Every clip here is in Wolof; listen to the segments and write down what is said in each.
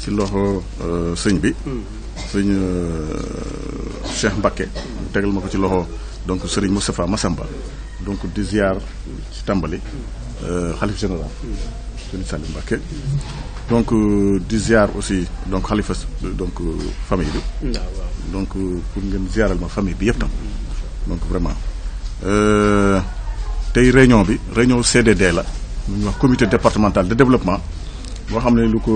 ci loxo euh, sëñ bi. Hmm. sëñ euh, Cheikh Mbacké tegal ma ko ci loxo donc Serigne Moustapha Massamba donc di ziar ci tàmbali euh, xalif général hmm. Serigne Salim Mbacké donc di ziar aussi donc xalifa donc famille bi hmm. ah, donc pour ngeen ziaral ma famille bi yëpp tam donc vraiment tey réunion bi réunion CDD la ñu wax comité départemental de développement boo xam ne lu ko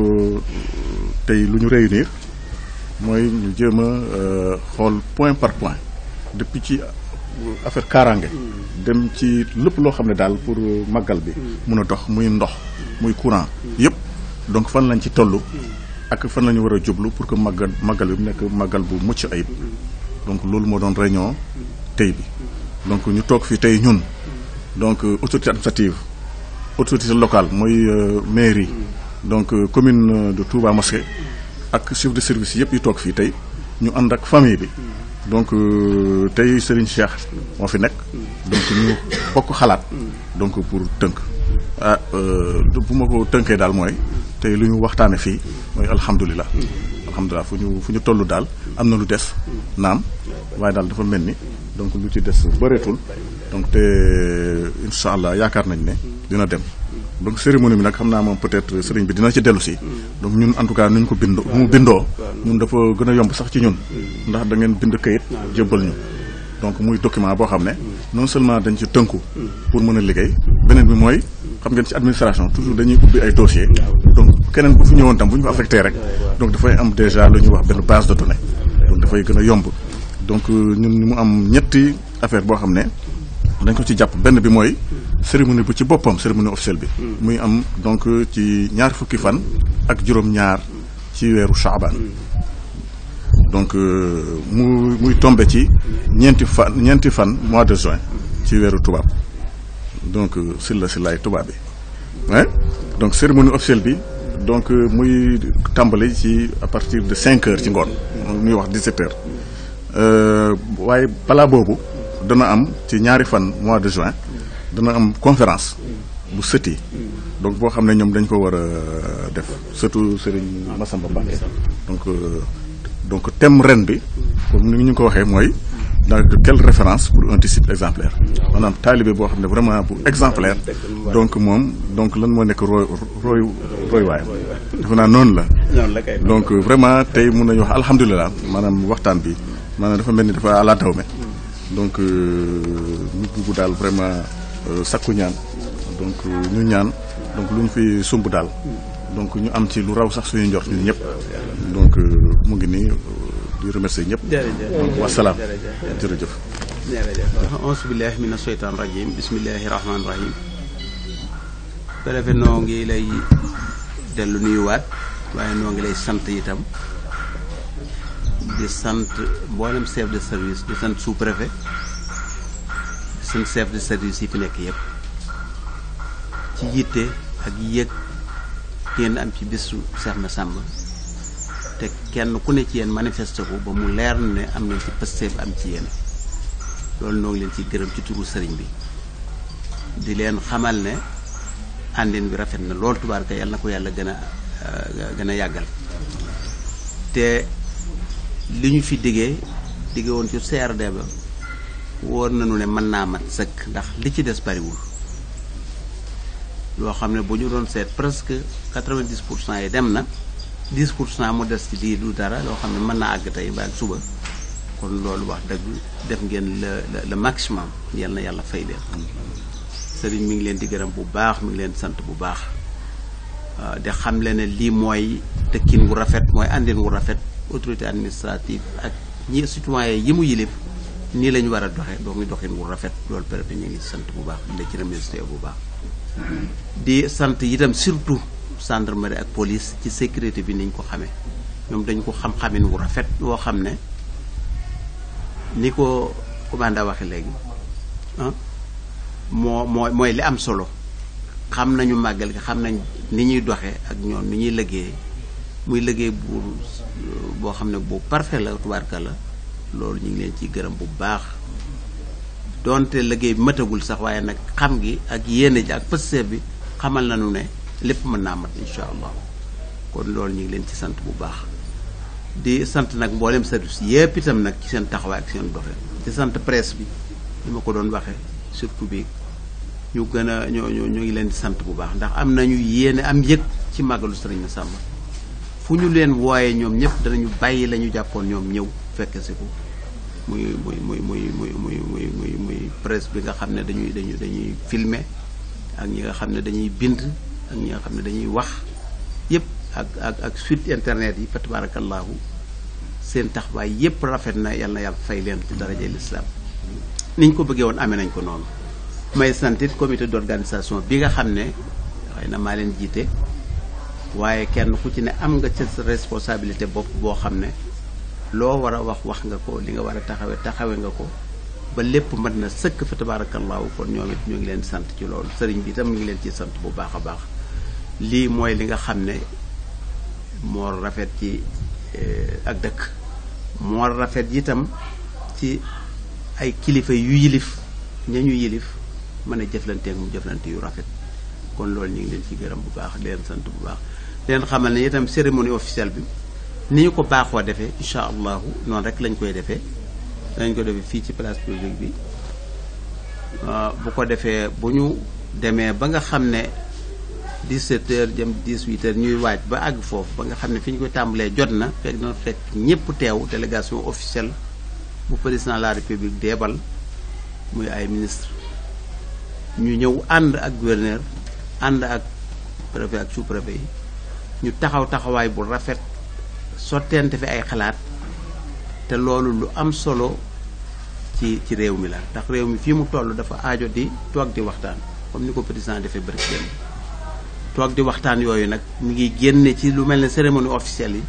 tey lu ñu réunir mooy ñu jéem a euh, xool point par point depuis ci affaire kaaraange. dem ci lépp loo xam ne daal pour màggal bi. mun a dox muy ndox. muy courant yëpp. donc fan lañ ci toll. ak fan la ñu war a jublu pour que màggal màggal bi mu nekk màggal bu mucc ayib. donc loolu moo doon réunion tey bi. donc ñu toog fii tey ñun. donc euh, autorité administrative autorité locale mooy euh, mairie. donc euh, commune euh, de Touba Mosquée ak chef de service yëpp yu toog fii tey ñu ànd ak famille bi donc euh, tey Serigne Cheikh moo fi nekk donc ñu bokk xalaat donc pour tënk ah bu ma ko tënkee daal mooy tey lu ñu waxtaane fii mooy alhamdulilah alhamdulilah fu ñu fu ñu toll daal am na lu des naam waaye daal dafa mel ni donc lu ci des bëreetul donc te incha allah yaakaar nañ ne dina dem donc cérémonie bi nag xam naa moom peut-être sëriñ bi dina ci dellu si. donc ñun en tout cas nuñ ko bindoo mu bindoo. ñun dafa gën a yomb sax ci ñun. ndax da ngeen bind kayit jébbal ñu. donc muy document boo xam ne. non seulement dañ ci tënku. pour mën a liggéey beneen bi mooy. xam ngeen ci administration toujours dañuy ubbi ay dossiers. donc keneen bu fi ñëwoon tam bu ñu ko rek. donc dafay am déjà lu ñuy wax benn base de données. donc gën yomb. donc euh, ñun mu am ñetti affaire boo xam ne dañ ko ci jàpp benn bi mooy. cérémonie bu ci boppam cérémonie officielle bi. Hmm. muy am donc ci ñaar fukki fan ak juróom-ñaar ci weeru Chaabaan. Hmm. donc euh, mu muy tombe ci ñeenti fan ñeenti fan mois de juin ci weeru tubaab donc euh, si la si laay tubaab bi donc cérémonie officielle bi donc euh, muy tàmbali ci à partir de cinq heures ci ngoon hmm. muy wax dix-sept heures waaye balaa boobu dana am ci ñaari fan mois de juin dana am conférence bu sëti donc boo xam ne ñoom dañ ko war a def surtout Serigne Massamba Mbacké donc euh, donc thème ren bi comme ni ñu ko waxee mooy donc quelle référence pour un disciple exemplaire maanaam taalibe boo xam ne vraiment bu exemplaire donc moom donc lan moo nekk roy roy roy waayam defe naa noonu la donc vraiment tey mun nañu wax alhamdulilah maanaam waxtaan bi maanaam dafa mel ni dafa àla donc euh, ñu bugg daal vraiment Euh, sakku ñaan donc euh, ñu ñaan donc lu ñu fi sumb daal donc ñu am ci lu raw sax suñu njort ñun ñëpp donc euh, mu ngi nii di remercier ñëpp donc wasalaam jërëjëf jërëjëf auzu billahi mina sheytaan rajim bismillahi rahmaani rahim noo ngi lay dellu nuyuwaat waaye noo ngi lay sant itam di sant mboolem chef de service di sant sous-préfet suñ chef de service yi fi nekk yëpp ci yitte ak yéeg ngeen am ci bistu bisu na Massamba te kenn ku ne ci yenn manifesté ko ba mu leer ne am nañ ci pësteef am ci yéen loolu noo leen ci gërëm ci turu sëriñ bi di leen xamal ne àndin bi rafet na lool tubaarka yàlla na ko yàlla gën a euh, gën a yàggal te li ñu fi diggee diggee woon ci CRD ba wóor nañu ne mën naa mat sëkk ndax li ci des bariwul loo xam ne bu ñu doon seet presque quatre-vingt-dix pour cent yi dem na dix pour cent mu des ci lii du dara loo xam ne mën naa àgg tey ba suba kon loolu wax dëgg def ngeen la le maximum yal na yàlla fay leen. sëriñ mi ngi leen di gërëm bu baax mi ngi leen sant bu baax ah, di xam leen lii mooy dëkkin wu rafet mooy àndin wu rafet autorité administrative ak ñi citoyen yi mu yilif nii lañ war a doxe doo doomuy doxin wu rafet loolu peut ñu ngi sant bu baax di la ci remercier bu baax di sant itam surtout gendarmerie ak police ci sécurité bi niñ ko xamee ñoom dañ ko xam-xamin wu rafet woo xam ne ni ko commanda waxe léegi ah, moo moo mooy li am solo xam nañu màggal gi xam nañ ni ñuy doxee ak ñoom ni ñuy liggéey muy liggéey bu boo xam ne bu parfait la tubaarka la loolu ñu ngi leen ciy gërëm bu baax donte liggéey bi matagul sax waaye nag xam gi ak yéene ji ak pësteef bi xamal nañu ne lépp mën naa mat incha allah kon loolu ñu ngi leen ci sant bu baax di sant nag mboolem service yépp itam nag ci seen taxawaay ak seen doxe di sant presse bi ni ma ko doon waxee surtout bi ñu gën a ñoo ñu ngi leen di sant bu baax ndax am nañu yéene am yëg ci màggalu Sëriñ Massamba fu ñu leen wooye ñoom ñëpp ñu bàyyi la ñu jàppoon ñoom ñëw fekke si ko muy muy muy muy muy muy muy muy muy presse bi nga xam ne dañuy dañuy dañuy filmer ak ñi nga xam ne dañuy bind ak ñi nga xam ne dañuy wax yépp ak ak ak suite internet yi fa tabarakallahu seen tax taxawaay yépp rafet na yàlla na yàlla fay leen ci daraja lislaam ni ko bëggee woon amee nañ ko noonu may santit comité d'organisation bi nga xam ne xëy na maa leen jiite waaye kenn ku ci ne am nga ca responsabilité bopp boo xam ne loo war a wax wax nga ko li nga war a taxawe taxawe nga ko ba lépp mën na sëkk fa tabaarakallaahu kon ñoom ñoo ñu ngi leen sant ci loolu sëriñ bi itam ñu ngi leen ci sant bu baax a baax lii mooy li nga xam ne moo rafet ci eh, ak dëkk moo rafet yi itam ci ay kilifa yu yilif ña ñu yilif mën a jëflanteeg mu jëflante yu rafet kon loolu ñu ngi leen ci gërëm bu baax leen sant bu baax leen xamal ne itam cérémonie officielle bi ni ñu ko baaxoo defee incha allahu noonu rek lañ koy defee danañ ko defee fii ci place publique bi ah, bu ko defee bu ñu demee ba nga xam ne 17 heures jëm 18 heures ñuy waaj ba àgg foofu ba nga xam ne fi ñu koy tàmbalee jot na fekk na ñëpp teew délégation officielle bu président de la république deebal muy ay ministre ñu ñëw ànd ak gouverneur ànd ak préfet ak yi ñu taxaw taxawaay bu rafet sotteente fi ay xalaat te loolu lu am solo ci ci réew mi la ndax réew mi fii mu toll dafa aajo di toog di waxtaan comme ni ko président defee bari démb toog di waxtaan yooyu nag mu ngi génne ci lu mel ne cérémonie officielle yi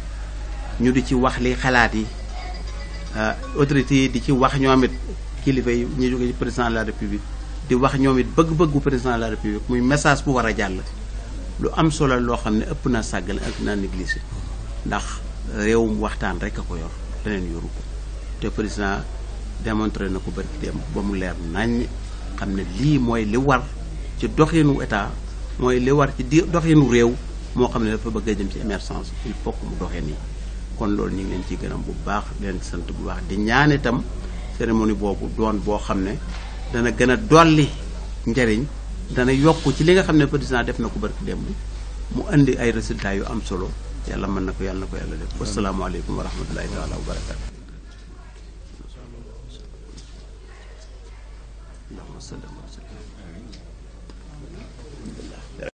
ñu di ci wax li xalaat yi euh, autorités yi di ci wax ñoom it kilifa yi ñu jóge ci président de la république di wax ñoom it bëgg-bëggu président de la république muy message bu war a jàll lu am solo loo xam ne ëpp na sàggal ak na réewum waxtaan rek a ko yor leneen yoru ko te président démontré na ko bërki dem ba mu leer nañ xam ne lii mooy li war ci doxinu état mooy li war ci di doxinu réew moo xam ne dafa bëgg a jëm ci émergence il faut mu doxee nii kon loolu ñu ngi leen ci gërëm bu baax di leen sant bu baax di ñaan itam cérémonie boobu doon boo xam ne dana gën a dolli njariñ dana yokk ci li nga xam ne président def na ko barki démb mu indi ay résultats yu am solo yàlla mën na ko yàlla na ko yàlla def wasalaamualeykum wa rahmatullahi taala wa barakatu